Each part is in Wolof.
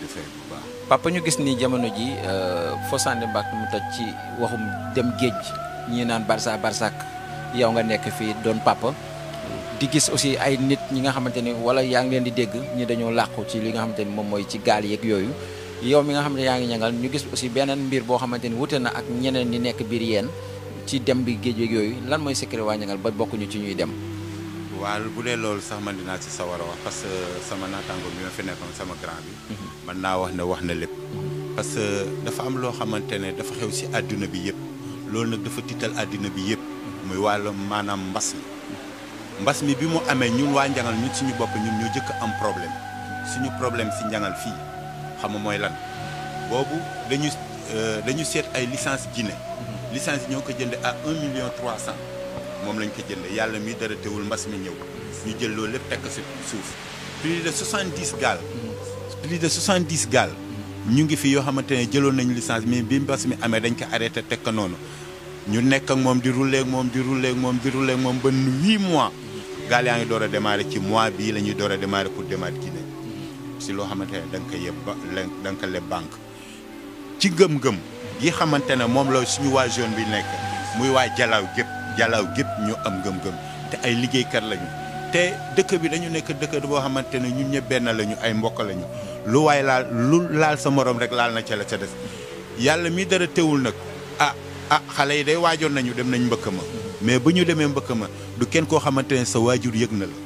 di fay ñu gis ni jamono ji euh, Fosande Mbacké mu toj ci waxum dem géej ñi naan Barça Barsak yow nga nekk fii doon papa. Mm. di gis aussi ay nit ñi nga xamante ni wala yaa ngi leen di dégg ñi dañoo làqu ci li nga xamante ni moom mooy ci gaal yeeg yooyu yow mi nga xam ne yaa ngi ñangal ñu gis aussi beneen mbir boo xamante ni wute na ak ñeneen ñi nekk biir yéen ci dem bi géej yeeg yooyu lan mooy secret waa ñangal ba bokkuñu ci ñuy dem. waaw bu dee loolu sax man dinaa ci sawar a wax parce que sama naataango bi ma fi nekkoon sama grand bi. Mhm. mën naa wax ne wax na lépp. Mhm. parce que dafa am loo xamante ne dafa xew ci àdduna bi yëpp. loolu nag dafa tiital àddina bi yëpp. muy wàllu maanaam mbas mi. mbas mi bi mu amee ñun waa Njangal ñun suñu bopp ñun ñoo jëkk am problème suñu problème ci Njangal fii xam nga mooy lan boobu dañu euh, dañu seet ay licence ne mhm. licence yi ñoo ko jënd à un million cent moom lañ ko jëndee yàlla mi dara teewul mbas mi ñëw ñu jëloo loolu lépp tekk si suuf plus de 70 gaal plus de 70 gaal ñu ngi fii yoo xamante ne jëloon nañu licence mais bi mbas mi amee dañ ko arrêté teg ko noonu ñu nekk ak moom di rouler moom di rouler moom di rouler moom ba 8 mois gaal yaa ngi door a démarré ci mois bii la ñuy door a démarré pour démarré Guinée si loo xamante ne da nga ko yeb da nga ko leb banque ci gëm-gëm yi xamante ne moom la suñu waa zone bi nekk muy waa Jalaw gépp jalaaw gépp ñu am ngëm-ngëm te ay liggéeykat lañu te dëkk bi dañu nekk dëkk boo xamante ne ñun ñëpp benn lañu ay mbokk lañu lu waay laal lu laal sa morom rek laal na ca la ca des yàlla mi dara teewul nag ah a ah, xale yi dey waajoon nañu dem nañ mbëkk ma mais bu ñu demee mbëkk ma du kenn koo xamante ne sa waajur yëg na la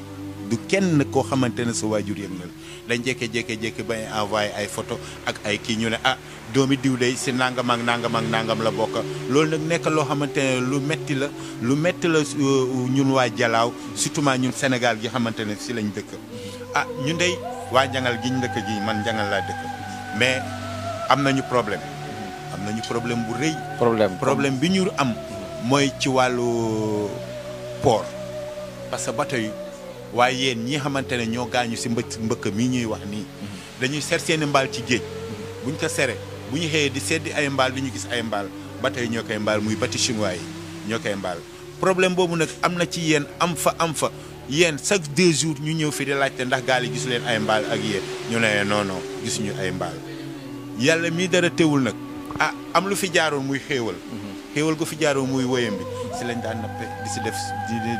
du kenn koo xamante ne sa waajur yëg na dañ jékkee-jékkee-jékkee bay envoyé ay foto ak ay kii ñu ne ah doomi diw day si nangam ak nangam ak nangam la bokka loolu nag nekk loo xamante ne lu metti la lu metti la euh, ñun waa Jalaaw surtout ma ñun Sénégal gi xamante ne si lañ dëkk ah ñu ndey waa jangal gi dëkk gi man jangal laa dëkk mais am nañu problème am nañu problème bu rëy problème problème bi ñu am mooy ci wàllu port parce que bateau waaye yéen ñi xamante ne ñoo gaañu si mbë mbëkk mii ñuy wax nii dañuy ser seen mbaal ci géej bu buñ ko sere bu ñu xëyee di sedd ay mbaal du ñu gis ay mbaal ba tey ñoo koy mbaal muy bati chinois yi ñoo mbaal problème boobu nag am na ci yéen am fa am fa yéen chaque deux jours ñu ñëw fi di laajte ndax gaal yi gisu ay mbaal ak yéen ñoo ne non gisuñu ay mbaal yàlla mii dara teewul nag ah am lu fi jaaroon muy xéewal xéewal gu fi jaaroo muy woyam bi si lañ daan nappe di si def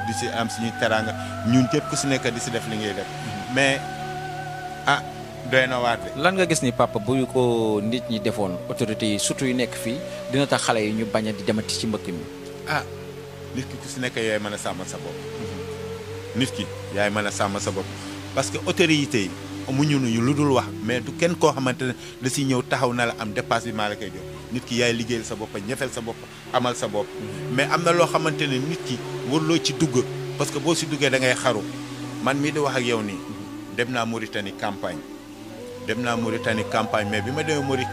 di si am suñuy teraanga ñu ñëpp ku si nekk di si def li ngay def mais ah doy na waat lan nga gis ni papa bu ko nit ñi defoon autorité yi surtout yu nekk fii dina tax xale yi ñu bañ di demati ci mbëkk mi. ah nit ki ku si nekk yaay mën a sàmmal sa bopp. nit ki yaay mën a sàmmal sa bopp parce que autorité yi amuñu ñu lu dul wax mais du kenn koo xamante ne da si ñëw taxaw na la am dépasse bi maa la koy jox. nit ki yaay liggéeyal sa bopp ñefeel sa bopp amal sa bopp mais am na loo xamante ne nit ki warloo ci dugg parce que boo si duggee dangay ngay xaru man mii di wax ak yow nii dem naa Mauritanie campagne dem naa Mauritanie campagne mais bi ma demee Mauri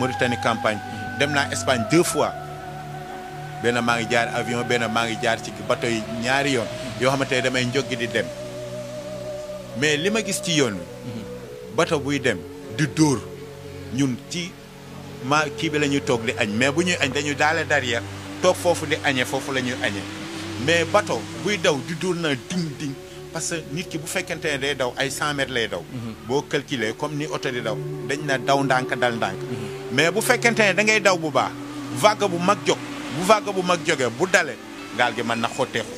Mauritanie campagne dem naa Espagne deux fois benn maa ngi jaar avion benn maa ngi jaar ci bateau yi ñaari yoon yoo xamante ne damay njoggi di dem mais li ma gis ci yoon bi mhm. bateau buy dem di dóor ñun ci ma kii bi la ñuy toog di añ mais bu ñuy añ dañuy daale derrière toog foofu di añee foofu la ñuy añee mais bato buy daw di dóor na ding ding parce que nit ki bu fekkente ne day daw ay 100 lay daw. Mhm. boo calculer comme ni oto di daw dañ na daw ndànk dal ndànk. Mhm. mais bu fekkente ne da ngay daw bu baax vague bu mag jog bu vague bu mag jógee bu dalee gaal gi mën na xotteeku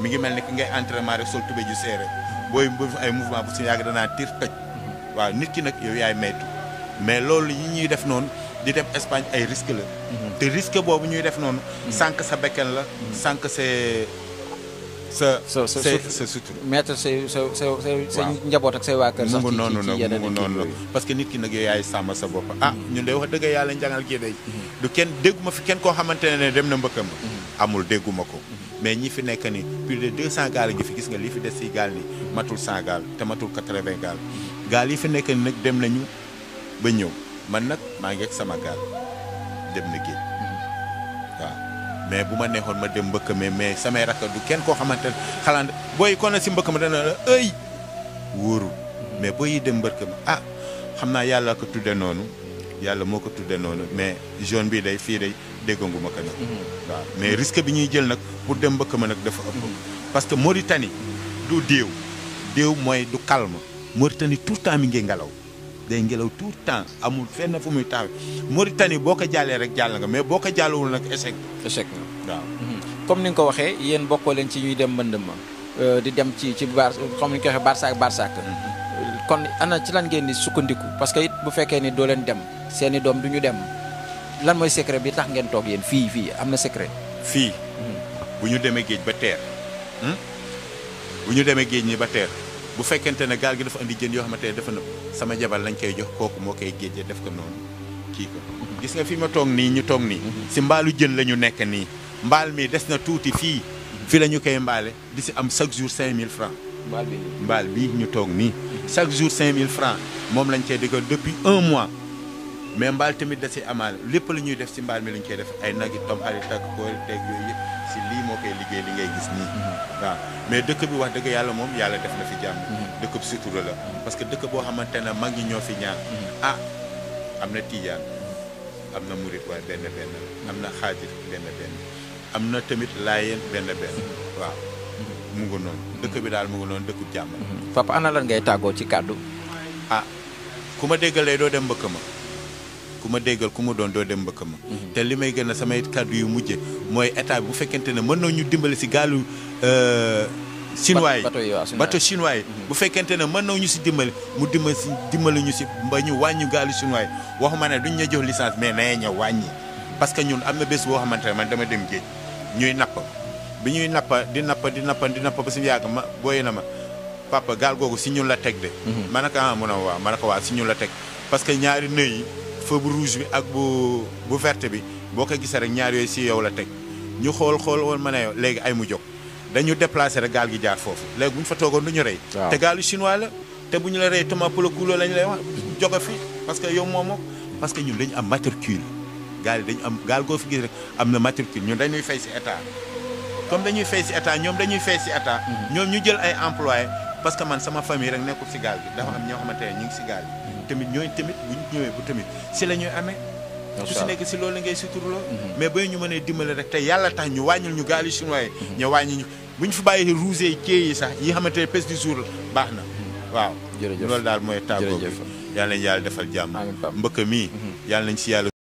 mi ngi mel ni ki ngay entraînement rek sol tubé ju seere booy ay mouvement bu si yàgg danaa tiir toj. Mhm. waaw nit ki nag yow yaay maytu mais loolu yi ñuy def noonu. di dem Espagne ay risque la mhm. te risque boobu ñuy def noonu mhm. sànq sa bekken la mhm. sànq sa sa sa sa sutur sa sa sa sa njaboot ak say waa kër sax mu ngi noonu la mu ngi noonu la parce que nit ki nag yow yaay sàmm sa bopp ah ñun day wax dëgg yàlla njangal gi day du kenn dégguma fi kenn koo xamante ne dem na mbëkkam amul dégguma ko mais ñi fi nekk ni plus de 200 gaal gi fi gis nga lii fi des si gaal ni matul 100 gaal te matul 80 gaal gaal yi fi nekk ni nag dem nañu ba ñëw man nag maa ngi ak sama gaal dem na géej mhm. waaw mais bu ma neexoon ma dem mbëkk mi mais samay rakk du kenn koo xamante ne booy kon na si mbëkk ma dana la ëy wóorul mhm. mais booy yi dem mbëkk ma ah xam naa yàlla ko tudde noonu yàlla moo ko tudde noonu mais zone bii day fii day déggangu ma ko nag mhm. waaw mais risque bi ñuy jël nag pour dem mbëkk ma nag dafa ëpp parce que Mauritanie du déew déew mooy du calme Mauritanie tout le temps mi ngi ngelaw day ngelaw tout le temps amul fenn fu muy taw Mauritanie boo ko jàllee rek jàll nga mais boo ko jàllawul nag échec. échec nga mhm. comme ni nga ko waxee yéen bokkoo leen ci ñuy dem mbënd ma euh, di dem ci ci bar comme ni nga ko waxee barsaak barsaak mhm. kon ana ci lan ngeen di sukkandiku parce que it bu fekkee ni doo leen dem seeni doom du ñu dem lan mooy secret bi tax ngeen toog yéen fii fii am na secret. fii mhm. bu ñu demee géej ba teer hmm? bu ñu demee géej ñi ba teer. bu fekkente ne gaal gi dafa indi jën yoo xamante ne dafa nëb sama jabar lañ koy jox kooku moo koy géejee def ko noonu kii ko gis nga fi ma toog nii ñu toog nii mhm. si mbaalu jën la ñu nekk nii mbaal mii des na tuuti fii mhm. fi la ñu koy mbaale di si am chaque jour mille francs mbaal bi mbaal bi ñu toog nii mhm. chaque jour mille francs moom lañ cey di ko depuis un mois mais mbaal tamit da si amaale lépp lu ñuy def si mbaal mi lañ koy def ay nag yi tom ari tag koori teeg yooyu yëpp si moo koy liggéey li ngay gis nii mhm. waaw mais dëkk bi wax dëgg yàlla moom yàlla def na fi jàmm mhm. dëkk bi sutura la mhm. parce que dëkk boo xamante ne mag ñi ñoo fi ñaan ah am na tiijaan am na murit waaye benn benn am na xaajir benn benn am na tamit laayeen benn benn waaw mu ngi noonu dëkk bi daal mu ngi noonu dëkku jàmm papa ana lan ngay tàggoo ci kàddu ah ku ma déggalee doo dem mbëkk ma ku ma déggal ku mu doon doo dem mbëkk ma te li may gën a samay kàddu yu mujje mooy état bi bu fekkente ne mën na ñu dimbali si gaalu euh, chinois yi bateau chinois yi mhm. bu fekkente ne mën na ñu si dimbali mu dimbali si dimbali ñu si mba ñu wàññi gaalu chinois yi waxuma ne duñ ñu jox licence mais nañu ñëw wàññi parce que ñun am na bés boo xamante ne man dama dem géej ñuy napp bi ñuy napp di nappa di nappa di nappa ba si yàgg ma booy na ma papa gaal googu si ñun la teg de. Mhm. ma ne ko ah mu ne waaw feu bu rouge bi ak bu bu verte bi boo ko gisee rek ñaar yooyu si yow la teg ñu xool xool woon ma ne léegi ay mu jóg dañu déplacé rek gaal gi jaar foofu léegi bu ñu fa toogoon du ñu rey. te gaalu chinois la te bu ñu la rey tomate polo kulo lañ lay wax joge fi parce que yow moom parce que ñun dañu am matricule gaal yi dañu am gaal goo fi rek am na matricule ñun dañuy fay si état comme dañuy fay si état ñoom dañuy fay si état. Mm-hmm. ñoom ñu jël ay employé parce que man sama famille rek nekkul si gaal gi. dafa am ñoo xamante ñu ngi si gaal tamit ñooy tamit bu ñu ñëwee bu tamit si la ñuy amee. ku si nekk si loolu ngay suturloo. Mhm. mais ba ñu mënee dimbali rek te yàlla tax ñu wàññil ñu gaal si chinois yi. Mhm. ñu wàññi bu ñu fi bàyyi rouge yi kii yi sax yi xamante ne pêche du jour baax na. Mhm. waaw loolu daal mooy tàggoo bi yàlla nañ yàlla defal jàmm mbëkk mi yàlla nañ si yàlla